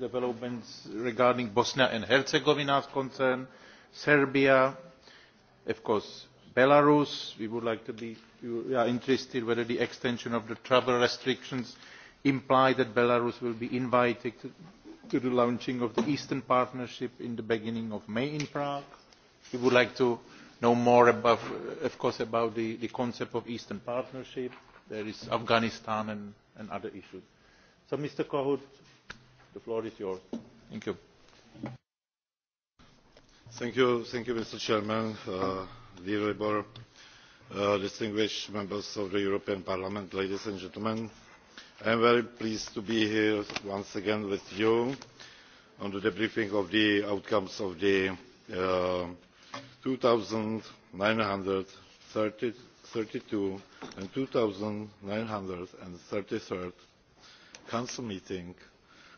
developments regarding bosnia and herzegovina is concerned serbia of course belarus we would like to be we are interested whether the extension of the travel restrictions imply that belarus will be invited to, the launching of the eastern partnership in the beginning of may in prague. we would like to know more of course about the, concept of eastern partnership there is afghanistan and, other issues. so mr Kohout. The floor is yours. Thank you. Thank you, thank you Mr. Chairman, uh, dear Labour, uh, distinguished members of the European Parliament, ladies and gentlemen. I am very pleased to be here once again with you on the debriefing of the outcomes of the uh, 2930 32 and 2933rd Council meeting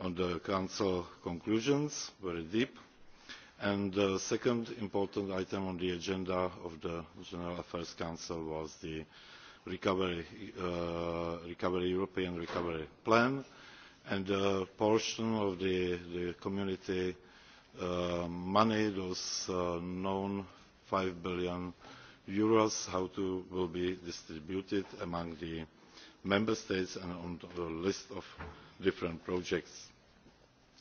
on the council conclusions very deep and the second important item on the agenda of the general affairs council was the recovery, uh, european recovery plan and the portion of the, community uh, money those uh, known eur five billion how it will be distributed among the member states and on the list of different projects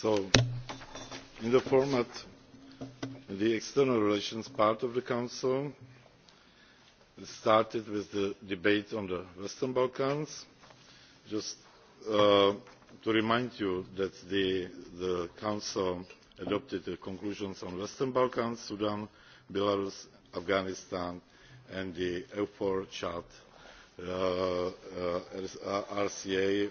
so in the format of the external relations part of the council we started with the debate on the western balkans. just uh, to remind you that the, council adopted the conclusions on the western balkans sudan belarus afghanistan and the eufor chad uh, uh, rca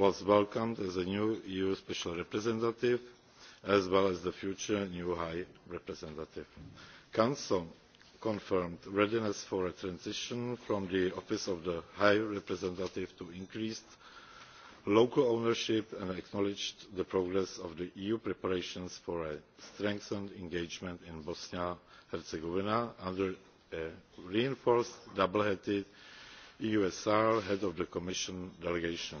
was welcomed as a new eu special representative as well as the future new high representative. the council confirmed readiness for a transition from the office of the high representative to increased local ownership and acknowledged the progress of the eu preparations for a strengthened engagement in bosnia and herzegovina under a reinforced double headed eusr head of the commission delegation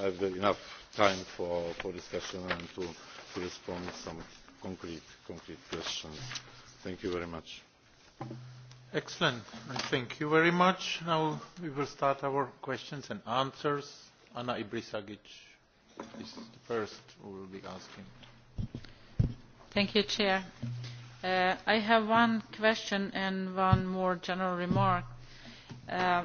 have enough time for, discussion and to, respond to some concrete, questions. Thank you very much. Excellent. thank you very much. Now we will start our questions and answers. Anna Ibrisagic is the first who will be asking. Thank you, Chair. Uh, I have one question and one more general remark. Uh,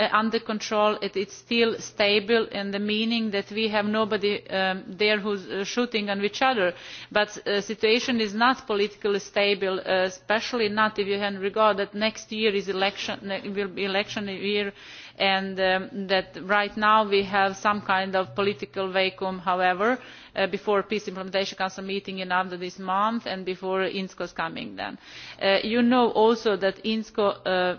Uh, under control it is still stable in the meaning that we have nobody um, there who is uh, shooting at each other but the uh, situation is not politically stable especially not if you regard that next year is election will be election year and um, that right now we have some kind of political vacuum however before the peace implementation council meeting in after this month and before INSCO is coming then. you know also that INSCO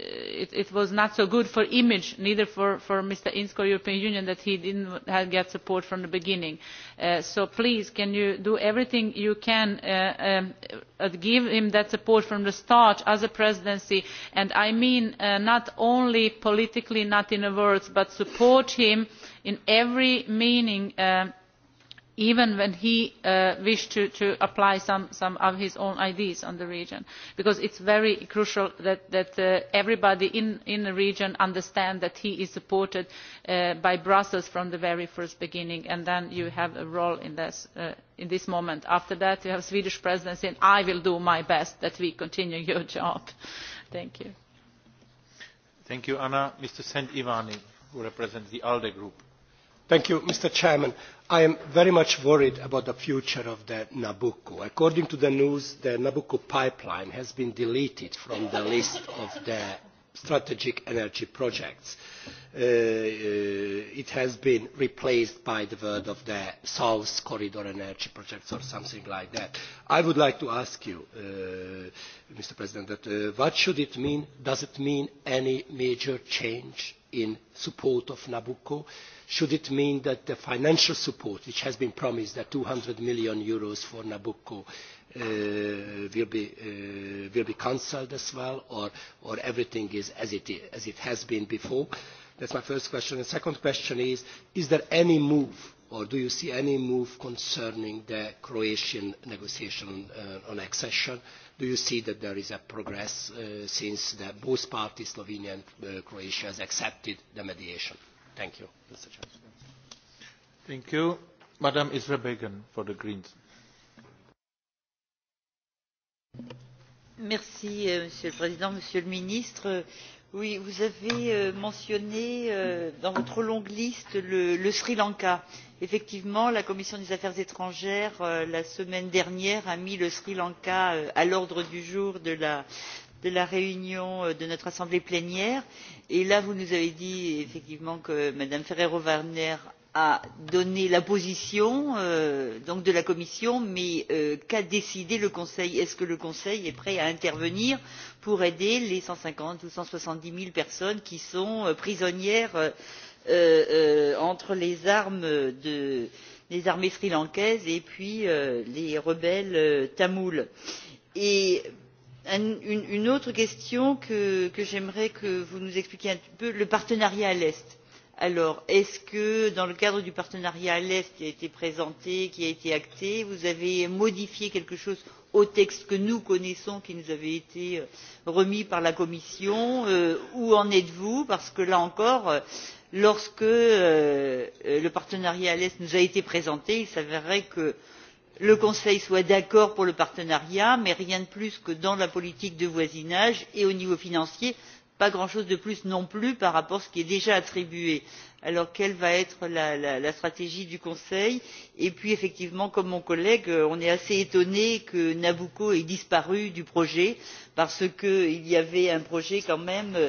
Uh, it, was not so good for image neither for, mr ince or european union that he did not get support from the beginning. Uh, so please can you do everything you can to uh, um, give him that support from the start as a presidency and i mean not only politically not in words but support him in every meaning um, even when he uh, wished to, apply some, of his own ideas on the region because it is very crucial that, uh, everybody in, the region understands that he is supported uh, by brussels from the very first beginning and then you have a role in this, moment. after that you have the swedish presidency and i will do my best that we continue your job. thank you. thank you anna. mr who represents the alde group mr president i am very much worried about the future of nabucco. according to the news the nabucco pipeline has been deleted from the list of strategic energy projects. Uh, uh, it has been replaced by the word of the south corridor energy projects or something like that. i would like to ask you uh, mr president what should it mean? does it mean any major change? in support of Nabucco? Should it mean that the financial support, which has been promised, that 200 million euros for Nabucco, uh, will be, uh, will be cancelled as well, or, or everything is as it, is, as it has been before? That's my first question. The second question is, is there any move or do you see any move concerning the Croatian negotiation uh, on accession? Do you see that there is a progress uh, since the, both parties, Slovenia and uh, Croatia, has accepted the mediation? Thank you, Mr. Chairman. Thank you. Madam Isra Began for the Greens. Merci, euh, Monsieur le Président, Monsieur le Ministre. Oui, vous avez euh, mentionné euh, dans votre longue liste le, le sri lanka effectivement la commission des affaires étrangères euh, la semaine dernière a mis le sri lanka euh, à l'ordre du jour de la, réunion euh, de notre assemblée plénière et là vous nous avez dit effectivement que mme ferrero waldner a donné la position donc de la commission mais qu'a décidé le conseil? est ce que le conseil est prêt à intervenir pour aider les cent cinquante ou cent soixante dix zéro personnes qui sont prisonnières euh, Euh, euh, entre les armées sri lankaises et euh, les rebelles tamouls. une autre question que j'aimerais que vous nous expliquiez un petit peu le partenariat à l'est est ce que dans le cadre du partenariat à l'est qui a été présenté qui a été acté vous avez modifié quelque chose au texte que nous connaissons qui nous avait été remis par la commission? où en êtes vous parce que là encore lorsque euh, le partenariat à l'est nous a été présenté il s'avérait que le conseil soit d'accord pour le partenariat mais rien de plus que dans la politique de voisinage et au niveau financier pas grand chose de plus non plus par rapport à ce qui est déjà attribué. alors quelle va être la, stratégie du conseil? et puis effectivement comme mon collègue euh, on est assez étonné que nabucco ait disparu du projet parce qu'il y avait un projet quand même qui euh,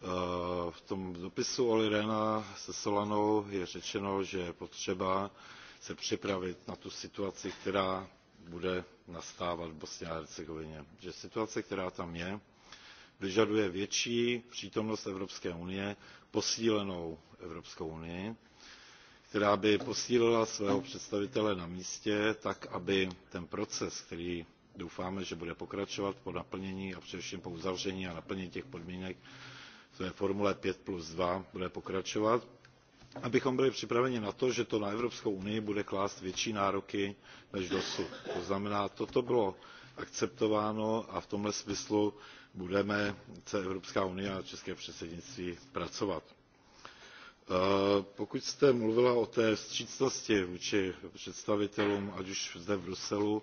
Eh, v tom dopisu olli rehna se solanou je řečeno že je potřeba se připravit na tu situaci která bude nastávat v bosně a hercegovině že situace která tam je vyžaduje větší přítomnost evropské unie posílenou evropskou unii která by posílila svého představitele na místě tak aby ten proces který doufáme že bude pokračovat po naplnění a především po uzavření a naplnění těch podmínek to je formule five plus two bude pokračovat abychom byli připraveni na to že to na evropskou unii bude klást větší nároky než dosud. to znamená toto bylo akceptováno a v tomto smyslu budeme chce evropská unie a české předsednictví pracovat. E, pokud jste mluvila o té vstřícnosti vůči představitelům ať už zde v bruselu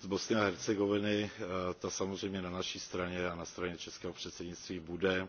z bosny a hercegoviny e, ta samozřejmě na naší straně a na straně českého předsednictví bude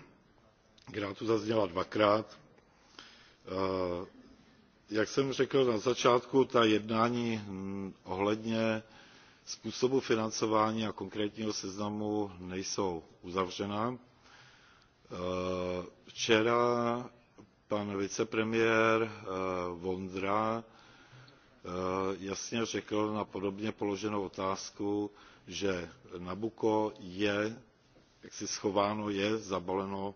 která tu zazněla dvakrát. Eh, jak jsem řekl na začátku, ta jednání hm, ohledně způsobu financování a konkrétního seznamu nejsou uzavřena. Eh, včera pan vicepremiér eh, Vondra jasně řekl na podobně položenou otázku, že nabucco je jaksi schováno, je zabaleno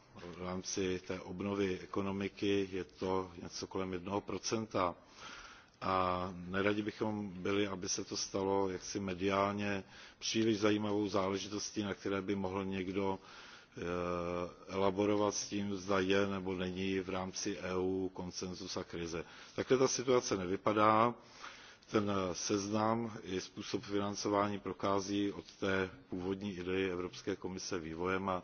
v rámci té obnovy ekonomiky je to něco kolem jednoho procenta a neradi bychom byli aby se to stalo jaksi mediálně příliš zajímavou záležitostí na které by mohl někdo e, elaborovat s tím zda je nebo není v rámci eu konsenzus a krize. takhle ta situace nevypadá ten seznam i způsob financování prochází od té původní ideje evropské komise vývojem a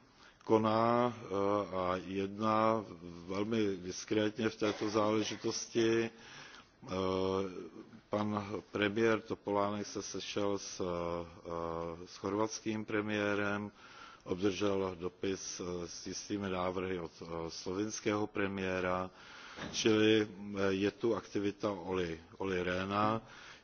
koná eh, a jedná velmi diskrétně v této záležitosti. Eh, pan premiér Topolánek se sešel s, eh, chorvatským premiérem, obdržel dopis s jistými návrhy od slovinského premiéra, čili je tu aktivita olli rehna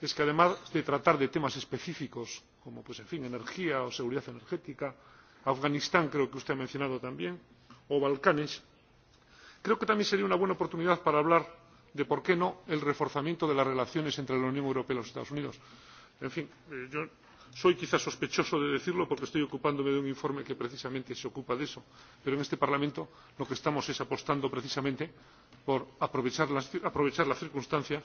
es que además de tratar de temas específicos como energía o seguridad energética afganistán creo que usted ha mencionado también o balcanes creo que también sería una buena oportunidad para hablar de por qué no del reforzamiento de las relaciones entre la unión europea y los estados unidos. en fin eh, yo soy quizás sospechoso de decirlo porque estoy ocupándome de un informe que precisamente se ocupa de eso pero en este parlamento lo que estamos es apostando precisamente por aprovechar las circunstancias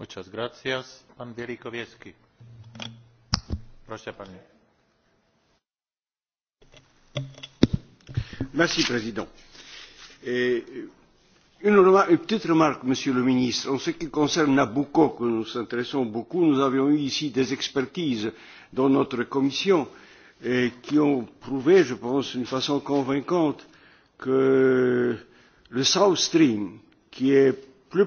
Muchas gracias, président. une, petite remarque, monsieur le ministre. En ce qui concerne Nabucco, que nous nous intéressons beaucoup, nous avions eu ici des expertises dans notre commission et qui ont prouvé, je pense, d'une façon convaincante que le South Stream, qui est plus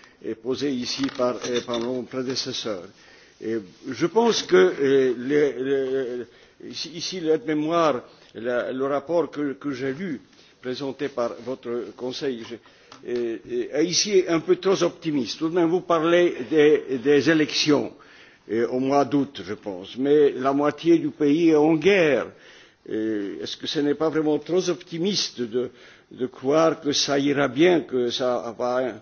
posée ici par, euh, mon prédécesseur. je pense que le, euh, le, ici l'aide mémoire le rapport que, j'ai lu présenté par votre conseil est euh, ici un peu trop optimiste. tout de même vous parlez des, élections au mois d'août je pense mais la moitié du pays est en guerre. est ce que ce n'est pas vraiment trop optimiste de croire que ça ira bien que ça va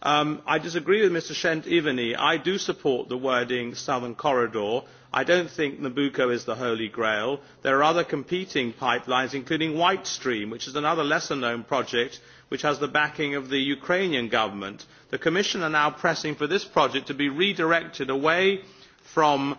Um, i disagree with mr chentiveni i do support the wording southern corridor'. i do not think nabucco is the holy grail. there are other competing pipelines including white stream which is another lesser known project which has the backing of the ukrainian government. the commission is now pressing for this project to be redirected away from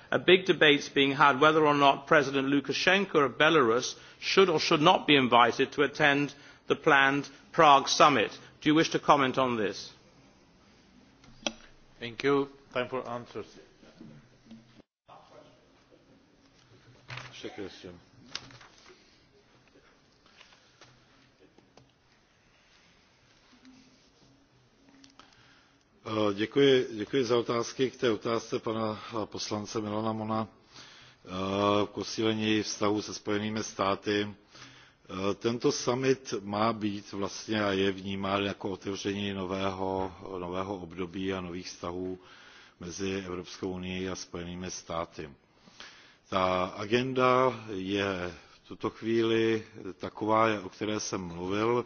a big debate is being had whether or not president lukashenko of belarus should or should not be invited to attend the planned prague summit. do you wish to comment on this? Eh, děkuji, za otázky. K té otázce pana eh, poslance Milana Mona eh, k posílení vztahů se Spojenými státy. Tento summit má být vlastně a je vnímán jako otevření nového, období a nových vztahů mezi Evropskou unií a Spojenými státy. Ta agenda je v tuto chvíli taková, o které jsem mluvil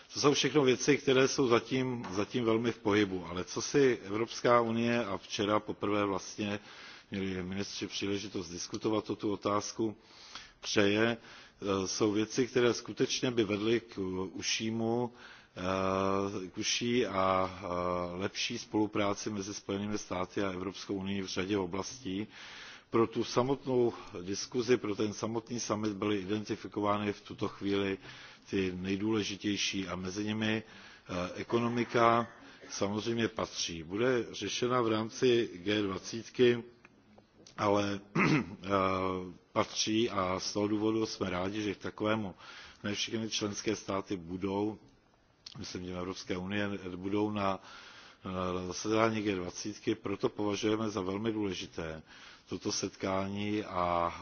to jsou všechno věci které jsou zatím, zatím velmi v pohybu ale co si evropská unie a včera poprvé vlastně měli ministři příležitost diskutovat o tu otázku přeje eh, jsou věci které skutečně by vedly k užšímu eh, k užší a eh, lepší spolupráci mezi spojenými státy a evropskou unií v řadě oblastí pro tu samotnou diskusi pro ten samotný summit byly identifikovány v tuto chvíli ty nejdůležitější a mezi nimi eh, ekonomika samozřejmě patří. bude řešena v rámci g twenty ale eh, patří a z toho důvodu jsme rádi že k takovému ne všechny členské státy budou myslím tím evropské unie budou na zasedání g twenty proto považujeme za velmi důležité toto setkání a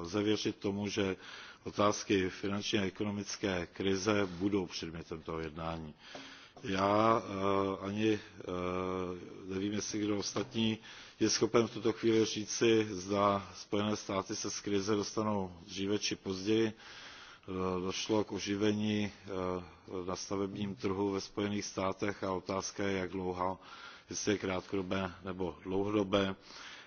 lze věřit tomu, že otázky finanční a ekonomické krize budou předmětem toho jednání. Já e, ani e, nevím, jestli kdo ostatní je schopen v tuto chvíli říci, zda Spojené státy se z krize dostanou dříve či později. E, došlo k oživení na stavebním trhu ve Spojených státech a otázka je, jak dlouho, jestli je krátkodobé nebo dlouhodobé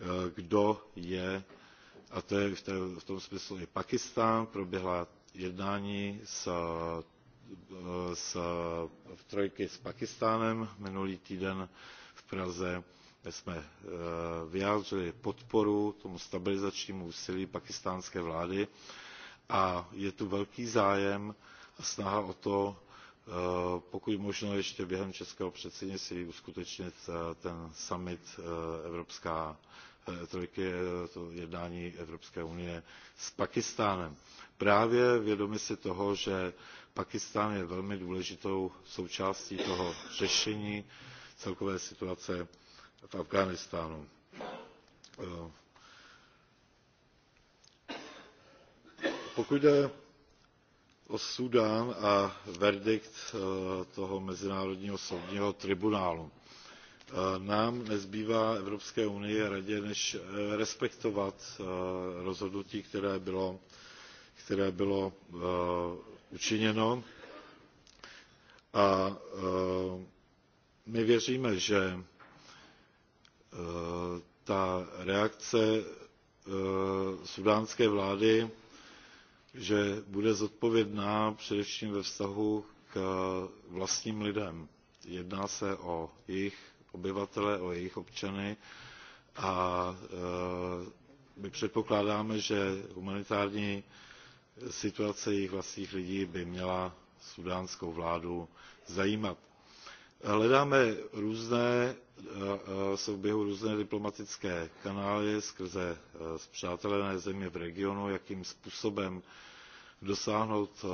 Eh, kdo je a to je v, tom smyslu i Pakistán. Proběhla jednání s, eh, s, v trojky s Pakistánem minulý týden v Praze. kde Jsme eh, vyjádřili podporu tomu stabilizačnímu úsilí pakistánské vlády a je tu velký zájem a snaha o to Eh, pokud možno ještě během českého předsednictví uskutečnit eh, ten summit eh, Evropská trojky, to jednání Evropské unie s Pakistánem. Právě vědomi si toho, že Pakistán je velmi důležitou součástí toho řešení celkové situace v Afghánistánu. Pokud jde o súdán a verdikt eh, toho mezinárodního soudního tribunálu. Eh, nám nezbývá evropské unii a radě než eh, respektovat rozhodnutí které bylo, které bylo učiněno a my věříme že ta reakce súdánské vlády že bude zodpovědná především ve vztahu k vlastním lidem. Jedná se o jejich obyvatele, o jejich občany a e, my předpokládáme, že humanitární situace jejich vlastních lidí by měla sudánskou vládu zajímat hledáme různé eh, eh, jsou v běhu různé diplomatické kanály skrze spřátelené eh, země v regionu jakým způsobem dosáhnout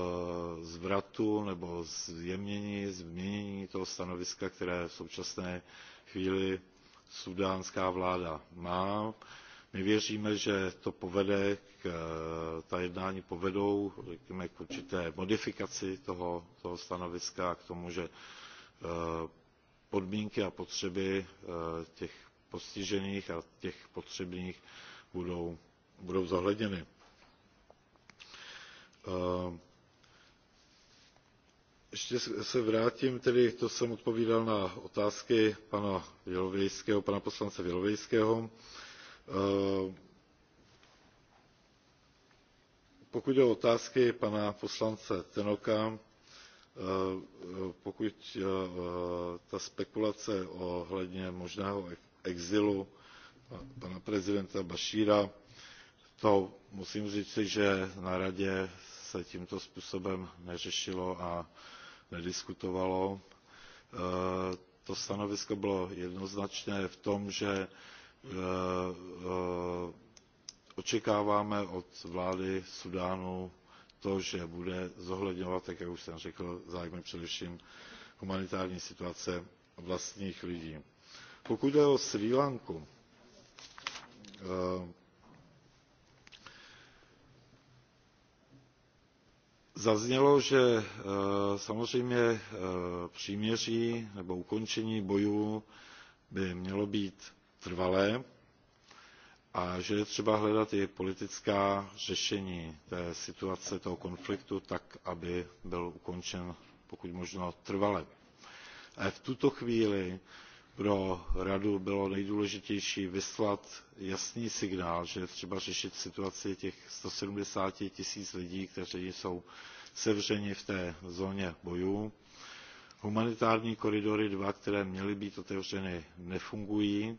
zvratu nebo zjemnění změnění toho stanoviska které v současné chvíli súdánská vláda má. my věříme že to povede ta jednání povedou řekněme k určité modifikaci toho stanoviska a k tomu že Eh, podmínky a potřeby eh, těch postižených a těch potřebných budou, budou zohledněny. Eh, ještě se vrátím, tedy to jsem odpovídal na otázky pana, Vělovejského, pana poslance Vělovejského. Pokud jde o otázky pana poslance Tenoka, Eh, eh, pokud eh, ta spekulace ohledně možného exilu pana prezidenta Bašíra, to musím říci, že na radě se tímto způsobem neřešilo a nediskutovalo. To stanovisko bylo jednoznačné v tom, že očekáváme od vlády Sudánu to, že bude zohledňovat, jak už jsem řekl, zájmy především humanitární situace vlastních lidí. Pokud jde o Sri Lanku, eh, Zaznělo, že eh, samozřejmě eh, příměří nebo ukončení bojů by mělo být trvalé a že je třeba hledat i politická řešení té situace, toho konfliktu, tak, aby byl ukončen pokud možno trvale. v tuto chvíli pro Radu bylo nejdůležitější vyslat jasný signál, že je třeba řešit situaci těch one hundred and seventy tisíc lidí, kteří jsou sevřeni v té zóně bojů. Humanitární koridory two které měly být otevřeny, nefungují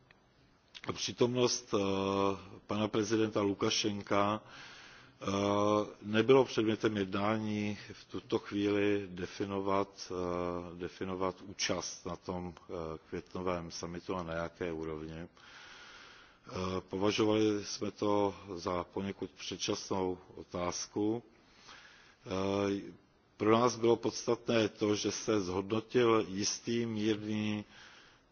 a přítomnost eh, pana prezidenta lukašenka eh, nebylo předmětem jednání v tuto chvíli definovat eh, účast na tom květnovém summitu a na jaké úrovni. Považovali jsme to za poněkud předčasnou otázku. Pro nás bylo podstatné to, že se zhodnotil jistý mírný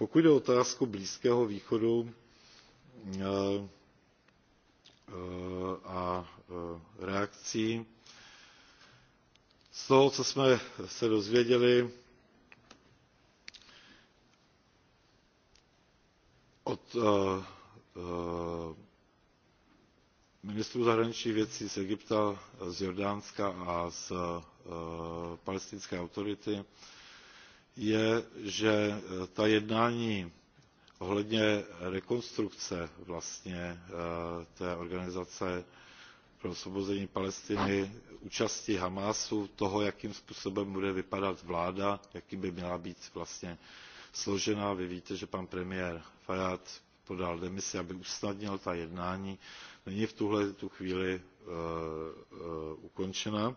pokud jde o otázku blízkého východu eh, eh, a eh, reakcí z toho co jsme se dozvěděli od ministrů zahraničních věcí z egypta z jordánska a z palestinské autority je že e, ta jednání ohledně rekonstrukce vlastně e, té organizace pro osvobození palestiny účasti hamásu toho jakým způsobem bude vypadat vláda jaký by měla být vlastně složena vy víte že pan premiér fajád podal demisi aby usnadnil ta jednání není v tuhle tu chvíli e, ukončena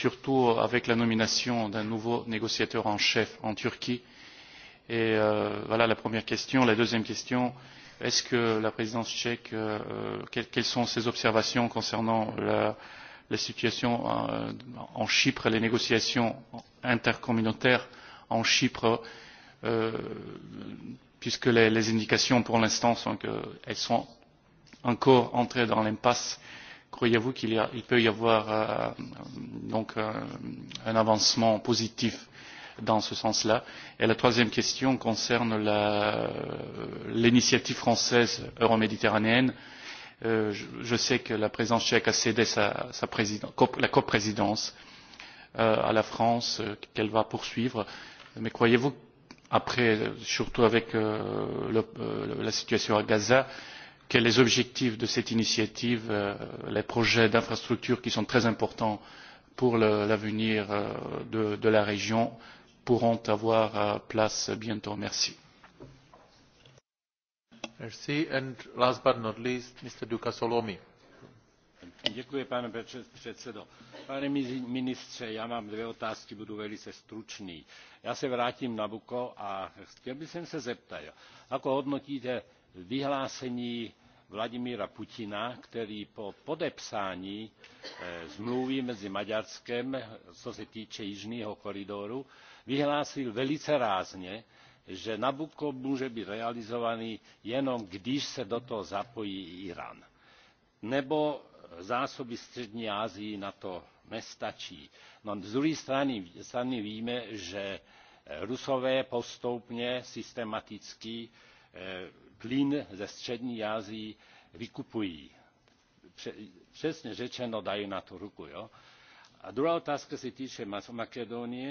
surtout avec la nomination d'un nouveau négociateur en chef en Turquie. Et euh, voilà la première question. La deuxième question, est-ce que la présidence tchèque, euh, que, quelles sont ses observations concernant la, la situation euh, en Chypre, les négociations intercommunautaires en Chypre, euh, puisque les, les indications pour l'instant sont qu'elles sont encore entrées dans l'impasse croyez-vous qu'il y a, il peut y avoir euh, donc euh, un avancement positif dans ce sens-là Et la troisième question concerne euh, l'initiative française euroméditerranéenne. Euh, je, je sais que la présidence tchèque a cédé sa, sa cop, la coprésidence euh, à la France, euh, qu'elle va poursuivre. Mais croyez-vous, après, surtout avec euh, le, euh, la situation à Gaza, euh, que les objectifs de cette initiative euh, les projets d'infrastructures qui sont très importants pour l'avenir euh, de, la région pourront avoir euh, place bientôt. merci. Merci. And last but not least, Mr. Duka Solomi. Děkuji, pane předsedo. Pane ministře, já mám dvě otázky, budu velice stručný. Já se vrátím na Buko a chtěl bych se zeptat, jako hodnotíte vyhlásení vladimíra putina který po podepsání smlouvy eh, mezi maďarskem co se týče jižního koridoru vyhlásil velice rázně že nabucco může být realizovaný jenom když se do toho zapojí írán nebo zásoby střední asii na to nestačí. no z druhé strany, strany víme že rusové postupně systematicky eh, plyn ze střední asii vykupují. přesně řečeno dají na to ruku. Jo? a druhá otázka se týče makedonie.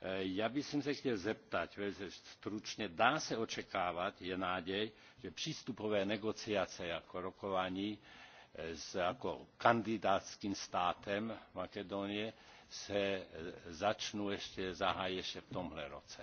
E, já bych se chtěl zeptat velice stručně dá se očekávat je naděj že přístupové negociace jako rokování e, s jako kandidátským státem makedonie se e, začnou ještě zahájí ještě v tomhle roce.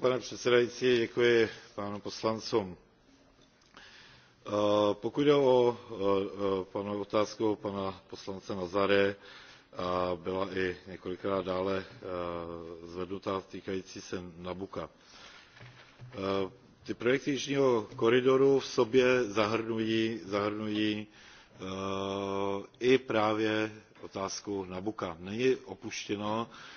pane předsedající, děkuji pánům poslancům. Eh, pokud jde o eh, otázku pana poslance Nazare, byla i několikrát dále eh, zvednuta týkající se nabucca. Ty projekty Jižního koridoru v sobě zahrnují, i právě otázku nabucca. Není opuštěno,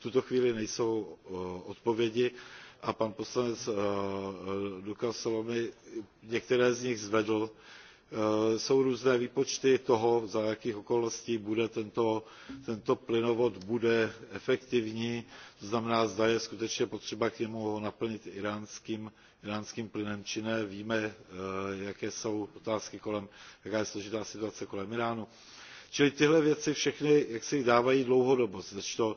tuto chvíli nejsou eh, odpovědi a pan poslanec eh, eh, luca salomon některé z nich zvedl. jsou různé výpočty toho za jakých okolností bude tento, plynovod bude efektivní to znamená zda je skutečně potřeba k němu ho naplnit íránským plynem či ne. víme jaké jsou otázky kolem jaká je složitá situace kolem íránu. čili tyhle věci všechny jaksi dávají dlouhodobost kdežto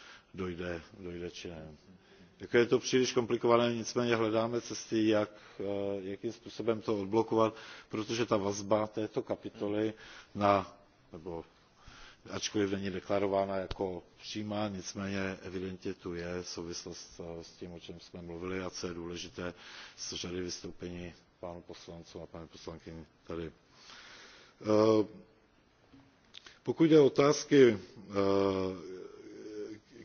dojde, činem. či Jako je to příliš komplikované, nicméně hledáme cesty, jak, eh, jakým způsobem to odblokovat, protože ta vazba této kapitoly na, nebo ačkoliv není deklarována jako přímá, nicméně evidentně tu je souvislost eh, s tím, o čem jsme mluvili a co je důležité z řady vystoupení pánů poslanců a paní poslankyni tady. Eh, pokud jde o otázky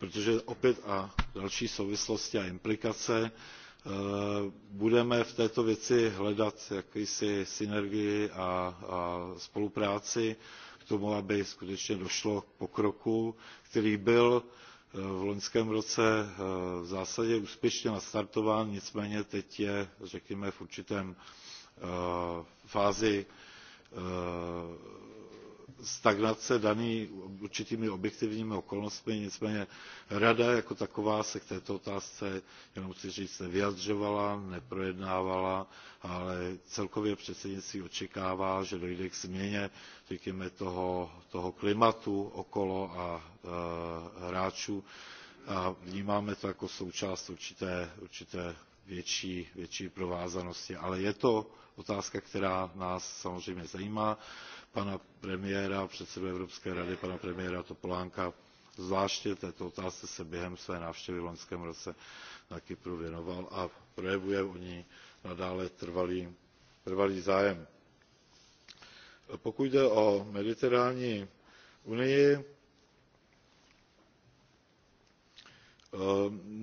protože opět a další souvislosti a implikace eh, budeme v této věci hledat jakousi synergii a, a spolupráci k tomu aby skutečně došlo k pokroku který byl eh, v loňském roce eh, v zásadě úspěšně nastartován nicméně teď je řekněme v určité fázi stagnace daný určitými objektivními okolnostmi nicméně rada jako taková se k této otázce jenom chci říct nevyjadřovala neprojednávala ale celkově předsednictví očekává že dojde k změně řekněme toho, klimatu okolo a e, hráčů a vnímáme to jako součást určité, určité větší, větší provázanosti ale je to otázka která nás samozřejmě zajímá pana premiéra, a předsedu Evropské rady, pana premiéra Topolánka. Zvláště této otázce se během své návštěvy v loňském roce na Kypru věnoval a projevuje o ni nadále trvalý, trvalý zájem. Pokud jde o mediterální unii, eh,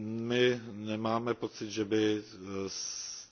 my nemáme pocit, že by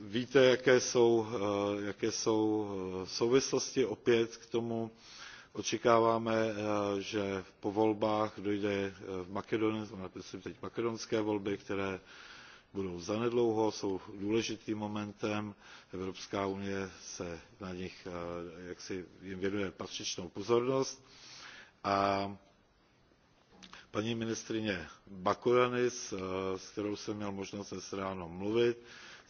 víte jaké jsou, eh, jaké jsou eh, souvislosti opět k tomu očekáváme eh, že po volbách dojde v makedonsku myslím teď makedonské volby které budou zanedlouho jsou důležitým momentem evropská unie se na nich jaksi jim věnuje patřičnou pozornost a paní ministryně bakoyannis s kterou jsem měl možnost dnes ráno mluvit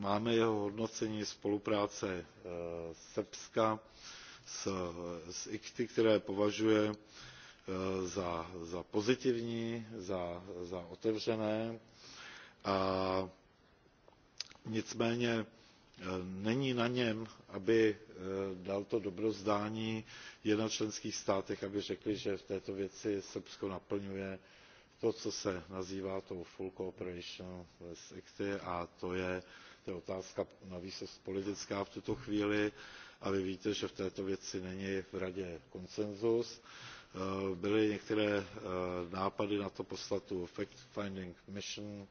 máme jeho hodnocení spolupráce eh, srbska s, icty které považuje eh, za, pozitivní za, otevřené nicméně eh, není na něm aby dal to dobrozdání je na členských státech aby řekly že v této věci srbsko naplňuje to, co se nazývá tou full cooperation less acty a to je, otázka navýsost politická v tuto chvíli a vy víte, že v této věci není v radě konsensus. Eh, byly některé eh, nápady na to poslat tu fact-finding mission,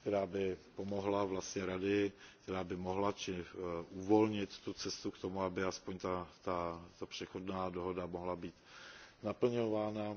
která by pomohla vlastně radě která by mohla eh, uvolnit tu cestu k tomu, aby aspoň ta, ta, ta přechodná dohoda mohla být naplňována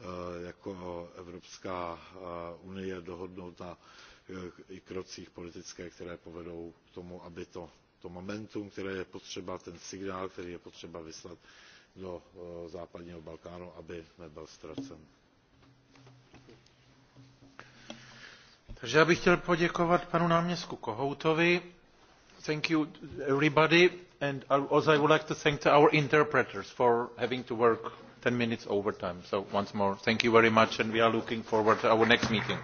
E, jako Evropská e, unie dohodnout na e, i krocích politické, které povedou k tomu, aby to, to momentum, které je potřeba, ten signál, který je potřeba vyslat do západního Balkánu, aby nebyl ztracen. Takže já bych chtěl poděkovat panu náměstku Kohoutovi. Thank you everybody and also I would like to thank our interpreters for having to work ten minutes over time so once more thank you very much and we are looking forward to our next meeting.